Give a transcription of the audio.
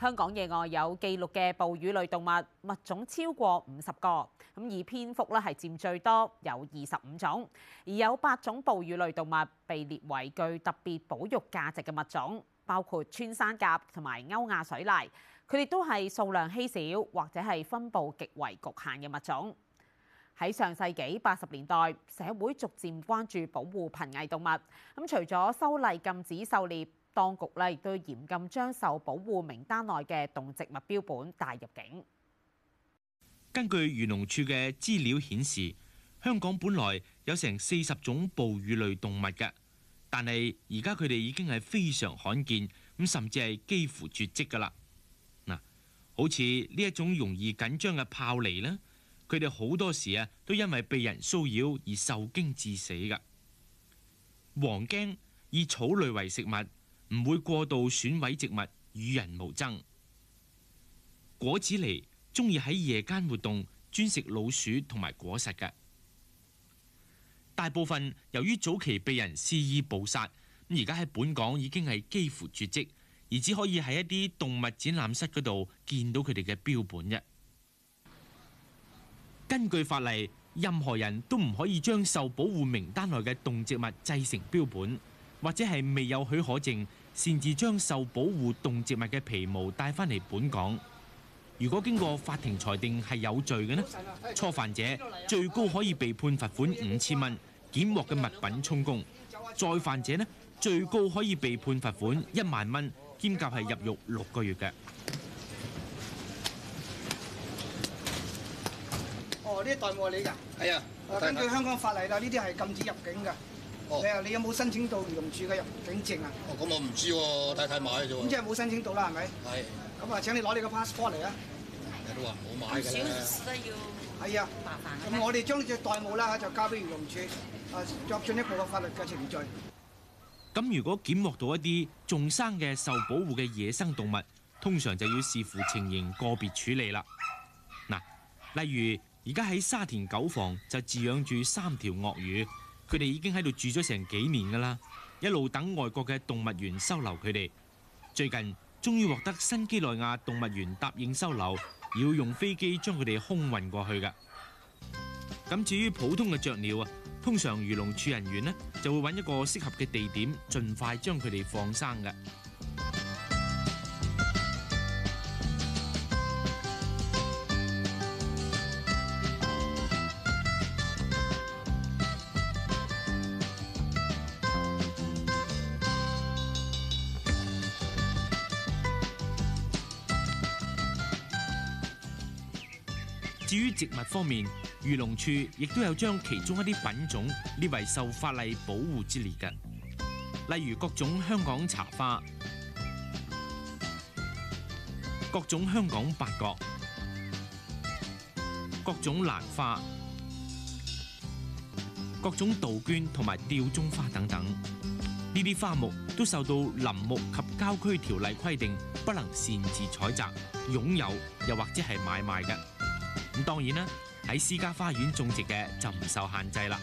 香港野外有記錄嘅哺乳類動物物種超過五十個，咁而蝙蝠咧係佔最多，有二十五種，而有八種哺乳類動物被列為具特別保育價值嘅物種，包括穿山甲同埋歐亞水獺，佢哋都係數量稀少或者係分佈極為局限嘅物種。喺上世紀八十年代，社會逐漸關注保護瀕危動物，咁除咗修例禁止狩獵，當局咧亦都嚴禁將受保護名單內嘅動植物標本帶入境。根據漁農處嘅資料顯示，香港本來有成四十種哺乳類動物嘅，但係而家佢哋已經係非常罕見，咁甚至係幾乎絕迹噶啦。嗱，好似呢一種容易緊張嘅豹狸呢，佢哋好多時啊都因為被人騷擾而受驚致死噶。黃猄以草類為食物。唔會過度損毀植物，與人無爭。果子狸中意喺夜間活動，專食老鼠同埋果實嘅。大部分由於早期被人肆意捕殺，而家喺本港已經係幾乎絕迹，而只可以喺一啲動物展覽室嗰度見到佢哋嘅標本。一根據法例，任何人都唔可以將受保護名單內嘅動植物製成標本，或者係未有許可證，擅自將受保護動植物嘅皮毛帶返嚟本港。如果經過法庭裁定係有罪嘅呢，初犯者最高可以被判罰款五千蚊，檢獲嘅物品充公；再犯者呢，最高可以被判罰款一萬蚊，兼夾係入獄六個月嘅。哦，呢啲代務你㗎？係啊，根據香港法例啦，呢啲係禁止入境㗎。你啊，你有冇申請到漁農處嘅入境證啊？哦，咁我唔知喎、啊，太太買啫喎。咁即係冇申請到啦，係咪？係。咁啊，請你攞你個 passport 嚟啊！都唔少次都要。係啊。麻煩啊！咁、嗯嗯嗯、我哋將呢隻玳瑁啦，就交俾漁農處，啊，作進一步嘅法律嘅程序。咁、嗯、如果檢獲到一啲眾生嘅受保護嘅野生動物，通常就要視乎情形個別處理啦。嗱，例如而家喺沙田狗房就飼養住三條鱷魚。佢哋已經喺度住咗成幾年噶啦，一路等外國嘅動物園收留佢哋。最近終於獲得新幾內亞動物園答應收留，要用飛機將佢哋空運過去噶。咁至於普通嘅雀鳥啊，通常漁農處人員呢就會揾一個適合嘅地點，盡快將佢哋放生嘅。至於植物方面，漁農處亦都有將其中一啲品種列為受法例保護之列嘅，例如各種香港茶花、各種香港八角、各種蘭花、各種杜鵑同埋吊鐘花等等。呢啲花木都受到林木及郊區條例規定，不能擅自採摘、擁有又或者係買賣嘅。咁當然啦，喺私家花園種植嘅就唔受限制啦。